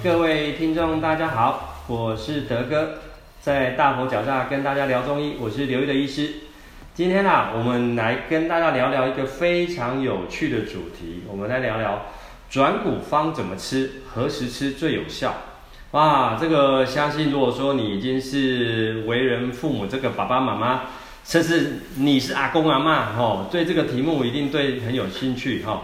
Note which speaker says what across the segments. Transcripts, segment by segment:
Speaker 1: 各位聽眾，大家好，我是德哥，在大佛腳下跟大家聊中醫，我是劉毅的醫師。今天啊，我們來跟大家聊聊一個非常有趣的主題，我們來聊聊轉骨方怎麼吃，何時吃最有效？哇，這個相信如果說你已經是為人父母，這個爸爸媽媽，甚至你是阿公阿媽，吼、哦，對這個題目一定對很有興趣，哦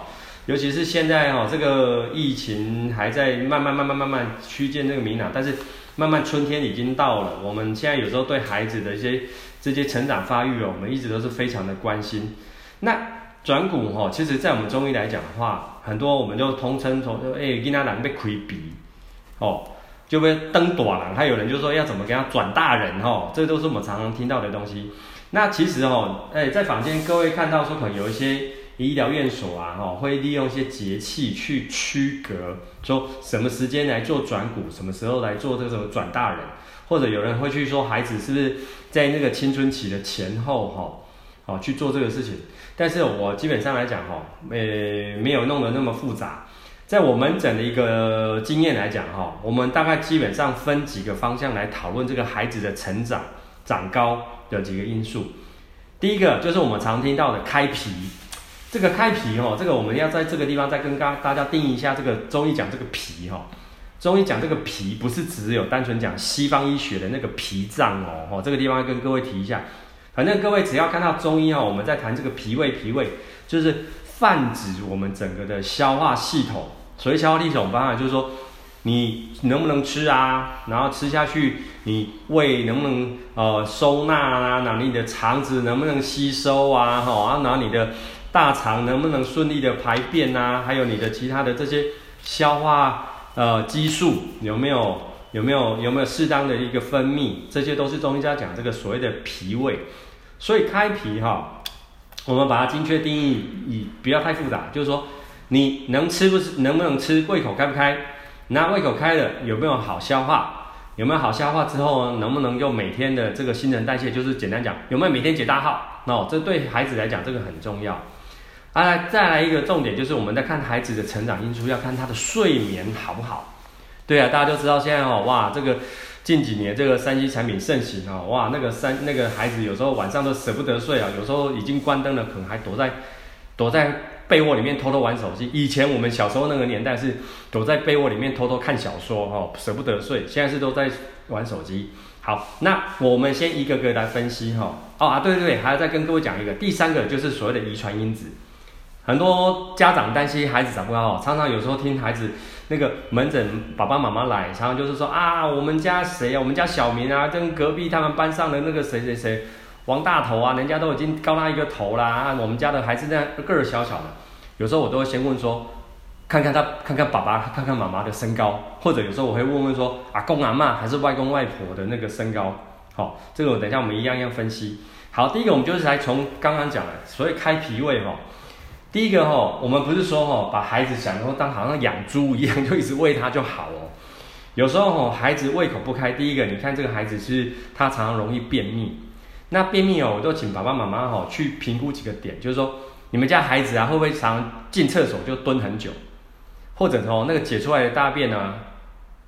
Speaker 1: 尤其是現在哈、哦，這個疫情還在慢慢慢慢慢慢趨近那個明朗，但是慢慢春天已經到了。我們現在有時候對孩子的一些這些成長發育、哦、我們一直都是非常的關心。那轉骨哈、哦，其實在我們中醫來講的話，很多我們就通稱說，哎，囡仔男被魁比」哦，就被蹬短了。還有人就說要怎麼給他轉大人哈、哦，這都是我們常常聽到的東西。那其實哈、哦，哎，在坊間各位看到說可能有一些。醫療院所啊，哈，會利用一些節氣去區隔，說什麼時間來做轉骨，什麼時候來做這個轉大人，或者有人會去說孩子是不是在那個青春期的前後，哈，好去做這個事情。但是我基本上來講，哈，呃，沒有弄得那麼複雜。在我門診的一個經驗來講，哈，我們大概基本上分幾個方向來討論這個孩子的成長、長高的幾個因素。第一個就是我們常聽到的開脾。這個開脾，哈，這個我們要在這個地方再跟大大家定一下。這個中醫講這個脾哈、哦，中醫講這個脾不是只有單純講西方醫學的那個脾臟哦。這個地方要跟各位提一下，反正各位只要看到中醫哈，我們在談這個脾胃，脾胃就是泛指我們整個的消化系統。所以消化系統，我方法就是說你能不能吃啊，然後吃下去你胃能不能呃收納啊？然後你的腸子能不能吸收啊？哈，然後你的大腸能不能順利的排便吶、啊？還有你的其他的這些消化呃激素有沒有有沒有有沒有適當的一個分泌？這些都是中醫家講這個所謂的脾胃。所以開脾哈、哦，我們把它精確定義，不要太複雜，就是說你能吃不？能不能吃？胃口開不開？那胃口開了，有沒有好消化？有沒有好消化之後呢？能不能夠每天的這個新陳代謝？就是簡單講，有沒有每天解大號？哦，這對孩子來講這個很重要。啊，再來一個重點，就是我們在看孩子的成長因素，要看他的睡眠好不好。對啊，大家都知道現在哦，哇，這個近幾年這個三 C 產品盛行哦，哇，那個三那個孩子有時候晚上都捨不得睡啊，有時候已經關燈了，可能還躲在躲在被窩裡面偷偷玩手機。以前我們小時候那個年代是躲在被窩裡面偷偷看小說哦，捨不得睡，現在是都在玩手機。好，那我們先一個個來分析哈。哦啊，對對對，還要再跟各位講一個，第三個就是所謂的遺傳因子。很多家長擔心孩子長不高，常常有時候聽孩子那個門診爸爸媽媽來，常常就是說啊，我們家誰啊，我們家小明啊，跟隔壁他們班上的那個誰誰誰，王大頭啊，人家都已經高他一個頭啦。我們家的孩子這樣個兒小小的。有時候我都會先問說，看看他，看看爸爸，看看媽媽的身高，或者有時候我會問問說，阿公阿媽還是外公外婆的那個身高，哈、哦，這個我等一下我們一樣一樣分析。好，第一個我們就是來從剛剛講的所謂開脾胃哈。哦第一個哈、哦，我們不是說哈、哦，把孩子想說當好像養豬一樣，就一直餵他就好哦，有時候哈、哦，孩子胃口不開。第一個，你看這個孩子是，他常常容易便秘。那便秘哦，我都請爸爸媽媽哈去評估幾個點，就是說你們家孩子啊，會不會常常進廁所就蹲很久？或者哦，那個解出來的大便呢、啊？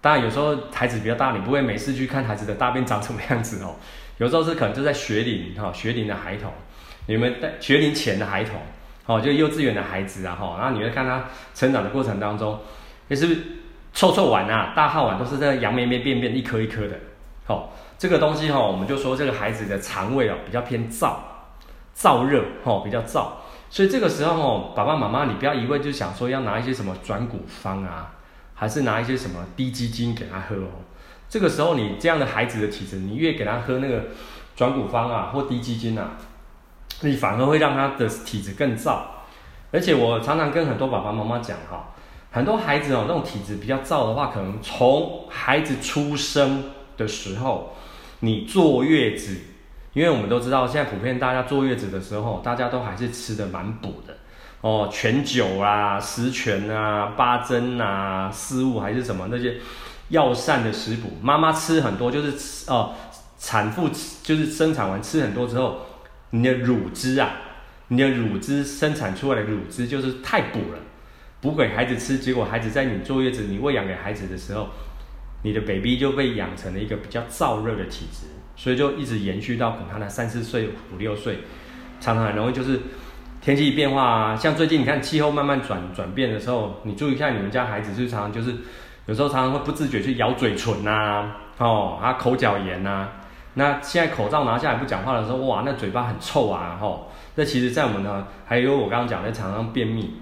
Speaker 1: 當然有時候孩子比較大，你不會每次去看孩子的大便長什麼樣子哦。有時候是可能就在學齡哈，學齡的孩童，你們在學齡前的孩童。哦，就幼稚園的孩子啊，然、哦、後你會看他成長的過程當中，也是臭臭碗啊，大號碗都是在羊咩咩便便，一顆一顆的。好、哦，這個東西、哦、我們就說這個孩子的腸胃、哦、比較偏燥燥熱、哦，比較燥，所以這個時候、哦、爸爸媽媽你不要一味就想說要拿一些什麼轉骨方啊，還是拿一些什麼滴雞精給他喝哦。這個時候你這樣的孩子的體質，你越給他喝那個轉骨方啊或滴雞精啊。你反而會讓他的體質更燥，而且我常常跟很多爸爸媽媽講哈，很多孩子哦，那種體質比較燥的話，可能從孩子出生的時候，你坐月子，因為我們都知道現在普遍大家坐月子的時候，大家都還是吃的蠻補的哦，全酒啊、十全啊、八珍啊、四物還是什麼那些藥膳的食補，媽媽吃很多就是哦、呃，產婦就是生產完吃很多之後。你的乳汁啊，你的乳汁生產出來的乳汁就是太補了，補給孩子吃，結果孩子在你坐月子、你餵養給孩子的時候，你的 baby 就被養成了一個比較燥熱的體質，所以就一直延續到可能他那三四歲、五六歲，常常容易就是天氣變化啊，像最近你看氣候慢慢轉轉變的時候，你注意一下你們家孩子，就常常就是有時候常常會不自覺去咬嘴唇吶、啊，哦啊口角炎吶、啊。那現在口罩拿下來不講話的時候，哇，那嘴巴很臭啊，吼！那其實，在我們呢，還有我剛剛講的常常便秘，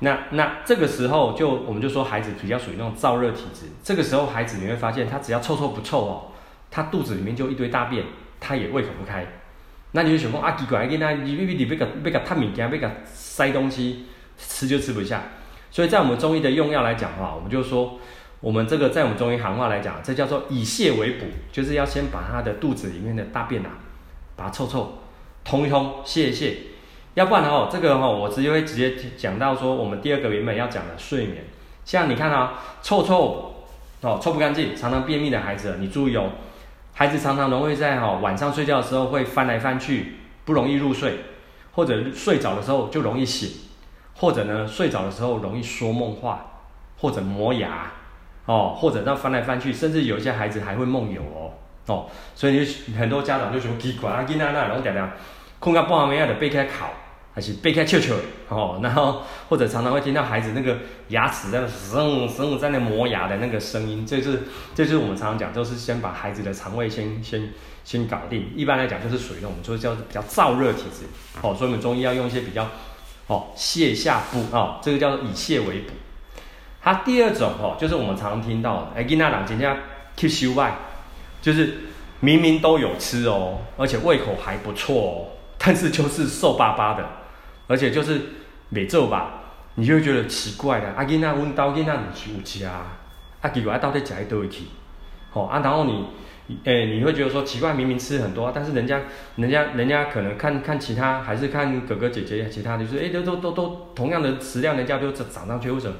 Speaker 1: 那那這個時候就我們就說孩子比較屬於那種燥熱體質，這個時候孩子你會發現他只要臭臭不臭哦，他肚子裡面就一堆大便，他也胃口不開。那你就想講啊，奇怪，囡仔你你你要給要給探物件，要給塞東西，塞東西吃就吃不下，所以在我們中醫的用藥來講的話，我們就說。我們這個在我們中醫行話來講，這叫做以瀉為補，就是要先把他的肚子裡面的大便啊，把它臭臭通一通，洩一洩。要不然的、哦、話，這個哈、哦，我直接會直接講到說，我們第二個原本要講的睡眠。像你看啊、哦，臭臭哦，臭不乾淨，常常便秘的孩子，你注意哦，孩子常常容易在哈、哦、晚上睡覺的時候會翻來翻去，不容易入睡，或者睡着的時候就容易醒，或者呢，睡着的時候容易說夢話，或者磨牙。哦，或者這樣翻來翻去，甚至有些孩子還會夢遊哦，哦，所以你很多家長就喜歡嘰呱嘰囡仔那，然後常常困到半夜的備開烤，還是備開翹翹。哦，然後或者常常會聽到孩子那個牙齒在那聲聲在那磨牙的那個聲音，這是這就是我們常常講，就是先把孩子的腸胃先先先搞定，一般來講就是屬於那種就是叫比較燥熱體質哦，所以我們中醫要用一些比較哦瀉下補啊、哦，這個叫做以瀉為補。他、啊、第二種哦，就是我們常常聽到的，哎、欸，金娜郎今天去修外，就是明明都有吃哦，而且胃口還不錯哦，但是就是瘦巴巴的，而且就是每周吧，你就會覺得奇怪、啊、的，阿金娜溫刀金娜你去加，阿狗阿刀在加一堆去，哦啊，然後你，哎、欸，你會覺得說奇怪，明明吃很多，但是人家，人家人家可能看看其他，還是看哥哥姐姐其他，就是哎、欸，都都都都同樣的食量，人家都長上去，為什麼？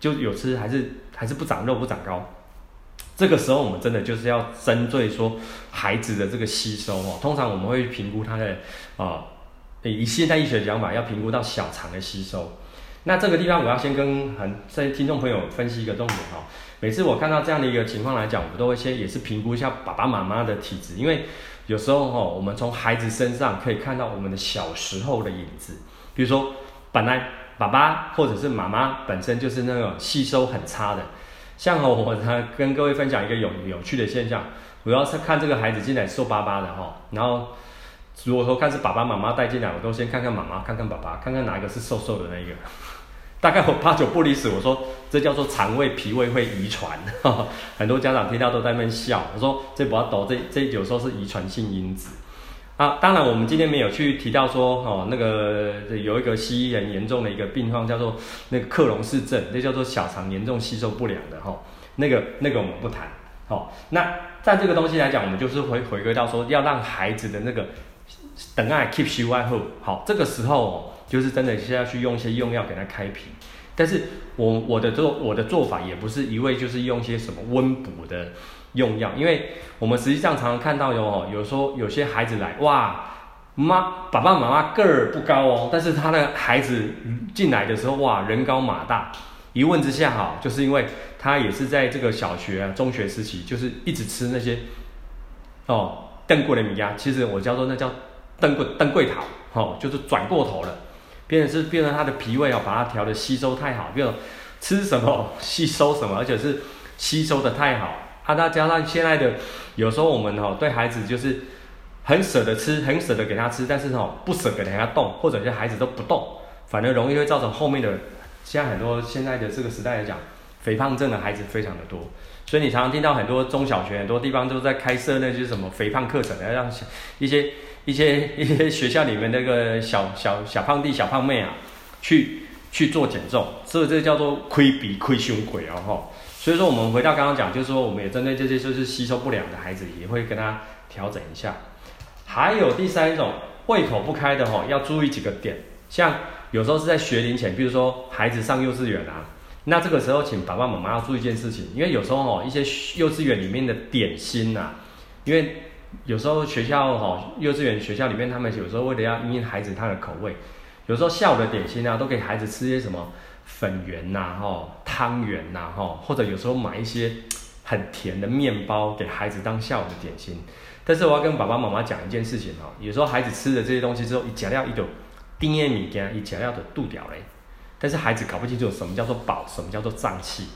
Speaker 1: 就有吃還是還是不長肉不長高，這個時候我們真的就是要針對說孩子的這個吸收哦。通常我們會評估他的啊、呃，以現代醫學講法要評估到小腸的吸收。那這個地方我要先跟很這些聽眾朋友分析一個重點哈、哦，每次我看到這樣的一個情況來講，我都會先也是評估一下爸爸媽媽的體質，因為有時候哈、哦，我們從孩子身上可以看到我們的小時候的影子，比如說本來。爸爸或者是媽媽本身就是那種吸收很差的，像我，我跟各位分享一個有有趣的現象，我要是看這個孩子進來瘦巴巴的哈，然後如果說看是爸爸媽媽帶進來，我都先看看媽媽，看看爸爸，看看哪一個是瘦瘦的那一個，大概我八九不離十，我說這叫做腸胃脾胃會遺傳，很多家長聽到都在那邊笑，我說這不要抖，這這有時候是遺傳性因子。啊，當然，我們今天沒有去提到說，哦，那個有一個西醫很嚴重的一個病況，叫做那個克隆氏症，那叫做小腸嚴重吸收不良的哈，哦，那個那個我們不談。好，哦，那在這個東西來講，我們就是回回歸到說，要讓孩子的那個，等下 keep s 住外呼，好，這個時候哦，就是真的需要去用一些用藥給他開脾，但是我我的做我的做法也不是一味就是用一些什麼溫補的。用藥，因為我們實際上常常看到哦，有時候有些孩子來，哇，媽爸爸媽媽個兒不高哦，但是他的孩子進來的時候，哇，人高馬大。一問之下，哈，就是因為他也是在這個小學、中學時期，就是一直吃那些哦，燉過的米呀，其實我叫做那叫燉過、燉過頭，哦，就是轉過頭了，變成是變成他的脾胃要把它調的吸收太好，變成吃什麼吸收什麼，而且是吸收的太好。那再、啊、加上現在的，有時候我們吼、喔、對孩子就是很捨得吃，很捨得給他吃，但是吼、喔、不捨得給他動，或者些孩子都不動，反而容易會造成後面的。現在很多現在的這個時代來講，肥胖症的孩子非常的多，所以你常常聽到很多中小學很多地方都在開設那些什麼肥胖課程，要讓小一些一些一些學校裡面那個小小小胖弟小胖妹啊，去去做減重，所以這個叫做虧鼻虧胸鬼哦。所以說，我們回到剛剛講，就是說，我們也針對這些就是吸收不良的孩子，也會跟他調整一下。還有第三種胃口不開的哈，要注意幾個點。像有時候是在學齡前，比如說孩子上幼稚園啊，那這個時候請爸爸媽媽要注意一件事情，因為有時候哈一些幼稚園裡面的點心吶、啊，因為有時候學校哈幼稚園學校裡面他們有時候為了要因應孩子他的口味，有時候下午的點心啊都給孩子吃些什麼。粉圓吶，吼，湯圓吶，吼，或者有時候買一些很甜的麵包給孩子當下午的點心。但是我要跟爸爸媽媽講一件事情，有時候孩子吃了這些東西之後，一食料，一種丁夜米，一伊料了的肚掉嘞。但是孩子搞不清楚什麼叫做飽，什麼叫做脹氣。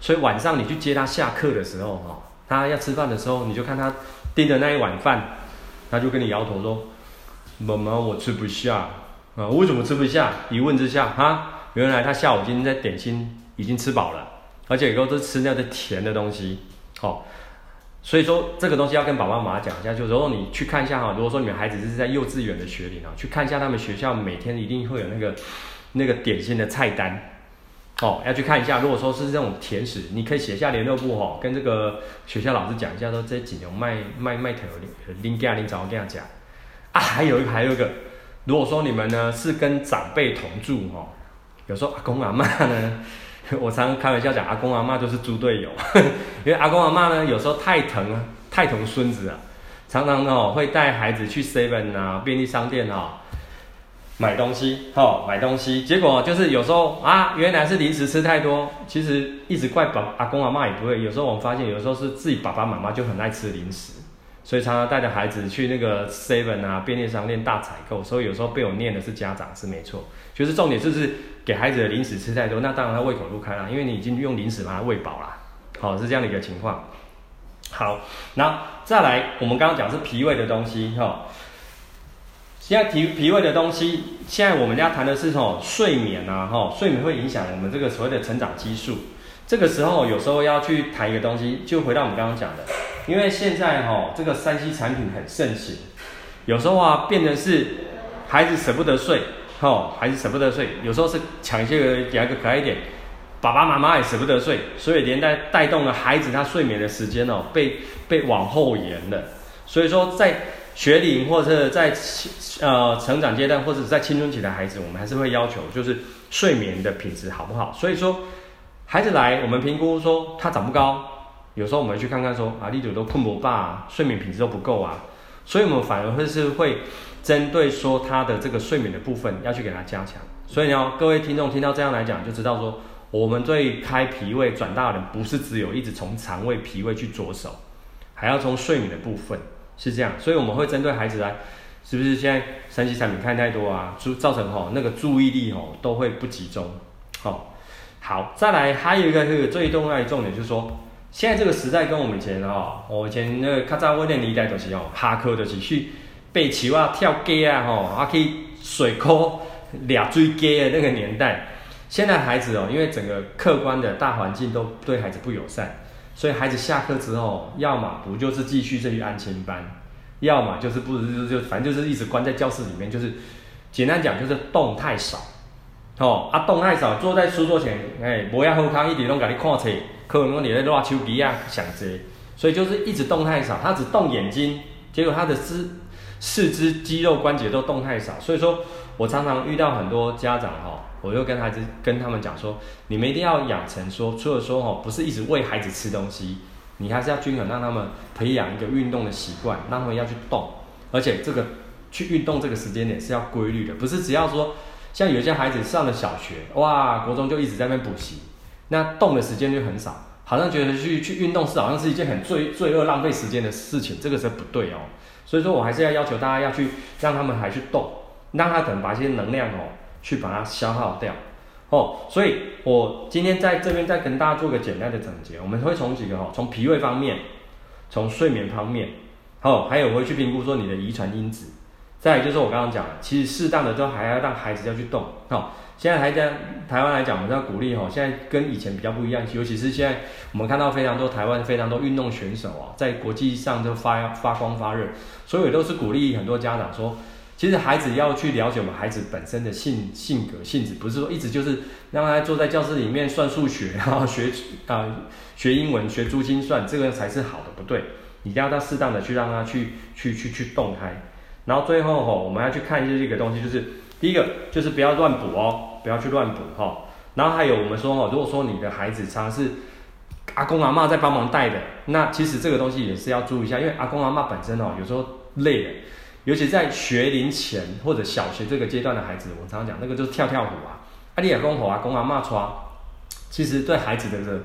Speaker 1: 所以晚上你去接他下課的時候，哈，他要吃飯的時候，你就看他盯着那一碗飯，他就跟你搖頭說，媽媽，我吃不下。啊，為什麼吃不下？一問之下，哈。原來他下午今天在點心已經吃飽了，而且也都吃那些甜的東西，哦，所以說這個東西要跟爸爸媽媽講一下。就是如果你去看一下哈，如果說你們孩子是在幼稚園的學齡啊，去看一下他們學校每天一定會有那個那個點心的菜單，哦，要去看一下。如果說是這種甜食，你可以寫下聯絡簿哦，跟這個學校老師講一下，說這幾樓賣賣賣糖，拎給啊拎走，這樣講。啊，還有一個還有一個，如果說你們呢是跟長輩同住，哦有時候阿公阿嬤呢，我常開玩笑講阿公阿嬤就是豬隊友，呵呵，因為阿公阿嬤呢有時候太疼啊，太疼孫子啊，常常呢、哦、會帶孩子去 Seven 啊便利商店啊、哦、買東西，哈、哦、買東西，結果就是有時候啊原來是零食吃太多，其實一直怪爸阿公阿嬤也不會，有時候我們發現有時候是自己爸爸媽媽就很愛吃零食，所以常常帶着孩子去那個 Seven 啊便利商店大採購，所以有時候被我念的是家長是沒錯，就是重點就是。給孩子的零食吃太多，那當然他胃口不開啦，因為你已經用零食把他餵飽了，好、哦、是這樣的一個情況。好，那再來，我們剛剛講的是脾胃的東西哈、哦。現在脾脾胃的東西，現在我們要談的是吼、哦、睡眠吶、啊、哈、哦，睡眠會影響我們這個所謂的成長激素。這個時候有時候要去談一個東西，就回到我們剛剛講的，因為現在哈、哦、這個 3C 產品很盛行，有時候啊變成是孩子捨不得睡。哦，孩子捨不得睡，有時候是搶一些個，一個可愛一點，爸爸媽媽也捨不得睡，所以連帶帶動了孩子他睡眠的時間哦，被被往後延了。所以說，在學齡或者在呃成長階段或者在青春期的孩子，我們還是會要求就是睡眠的品質好不好。所以說，孩子來我們評估說他長不高，有時候我們去看看說啊，力度都困不飽吧，睡眠品質都不夠啊。所以我們反而會是會針對說他的這個睡眠的部分要去給他加強。所以呢，各位聽眾聽到這樣來講，就知道說我們對於開脾胃轉大人不是只有一直從腸胃脾胃去着手，還要從睡眠的部分是這樣。所以我們會針對孩子啊，是不是現在三 C 產品看太多啊，就造成吼、哦、那個注意力吼都會不集中。好，好，再來還有一個是最重要的重點就是說。現在這個時代跟我們以前哦，我以前那個較早我念的年代都是哦，下課都是去背球啊、跳街啊，吼、啊，可去水溝倆追街的那個年代。現在孩子哦，因為整個客觀的大環境都對孩子不友善，所以孩子下課之後，要麼不就是繼續再去安親班，要麼就是不就就反正就是一直關在教室裡面，就是簡單講就是動太少，吼、哦，啊動太少，坐在書桌前，哎，無呀好康，一直都給你看書。可能你在抓秋膘啊、想這，所以就是一直動太少，他只動眼睛，結果他的肢四肢、肌肉、關節都動太少。所以說我常常遇到很多家長哈，我就跟孩子跟他們講說，你們一定要養成說，除了說哦，不是一直餵孩子吃東西，你還是要均衡讓他們培養一個運動的習慣，讓他們要去動，而且這個去運動這個時間點是要規律的，不是只要說像有一些孩子上了小學哇，國中就一直在那邊補習。那動的時間就很少，好像覺得去去運動是好像是一件很罪罪惡、浪費時間的事情，這個是不對哦。所以說我還是要要求大家要去讓他們還去動，讓他可能把一些能量哦去把它消耗掉哦。所以，我今天在這邊再跟大家做個簡單的總結，我們會從幾個哈、哦，從脾胃方面，從睡眠方面，哦，還有會去評估說你的遺傳因子，再來就是我剛剛講的，其實適當的就還要讓孩子要去動哦。現在還在台灣來講，我們要鼓勵哦。現在跟以前比較不一樣，尤其是現在，我們看到非常多台灣非常多運動選手啊，在國際上都發發光發熱，所以我都是鼓勵很多家長說，其實孩子要去了解我們孩子本身的性性格、性質，不是說一直就是讓他坐在教室裡面算數學，然後學啊、呃、學英文學珠心算，這個才是好的，不對，你要他適當的去讓他去去去去,去動開，然後最後吼、哦，我們要去看一下這個東西，就是第一個就是不要亂補哦。不要去亂補哈，然後還有我們說哈，如果說你的孩子常常是阿公阿媽在幫忙帶的，那其實這個東西也是要注意一下，因為阿公阿媽本身哦，有時候累的，尤其在學齡前或者小學這個階段的孩子，我常常講那個就是跳跳虎啊，阿、啊、爹阿公婆阿公阿媽穿其實對孩子的，的，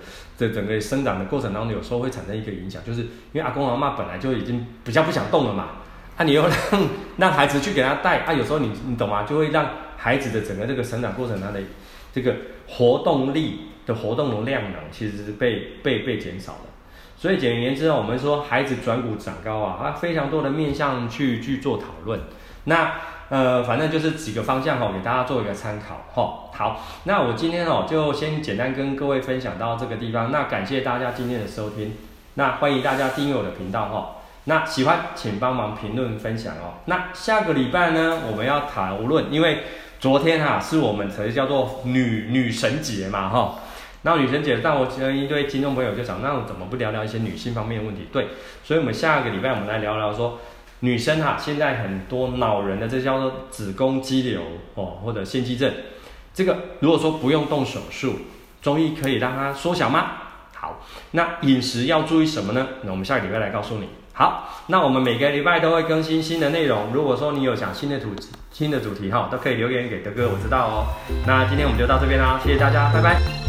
Speaker 1: 的整個生長的過程當中，有時候會產生一個影響，就是因為阿公阿媽本來就已經比較不想動了嘛，那、啊、你又讓讓孩子去給他帶，啊，有時候你你懂嗎？就會讓。孩子的整個這個生長過程，他的這個活動力的活動的量呢，其實是被被被減少了。所以簡而言之呢，我們說孩子轉骨長高啊，它非常多的面向去去做討論。那呃，反正就是幾個方向哈，給大家做一個參考哈。好，那我今天哦就先簡單跟各位分享到這個地方。那感謝大家今天的收聽。那歡迎大家訂閱我的頻道哈。那喜歡請幫忙評論分享哦。那下個禮拜呢，我們要討論因為。昨天哈、啊，是我們才叫做女女神節嘛哈，那女神節，但我有一對聽眾朋友就講，那我怎麼不聊聊一些女性方面的問題？對，所以我們下個禮拜我們來聊聊說，女生哈、啊，現在很多惱人的這叫做子宮肌瘤哦，或者腺肌症，這個如果說不用動手術，中醫可以讓它縮小嗎？好，那飲食要注意什麼呢？那我們下個禮拜來告訴你。好，那我們每個禮拜都會更新新的內容。如果說你有想新的主，新的主題哈，都可以留言給德哥，我知道哦。那今天我們就到這邊啦，謝謝大家，拜拜。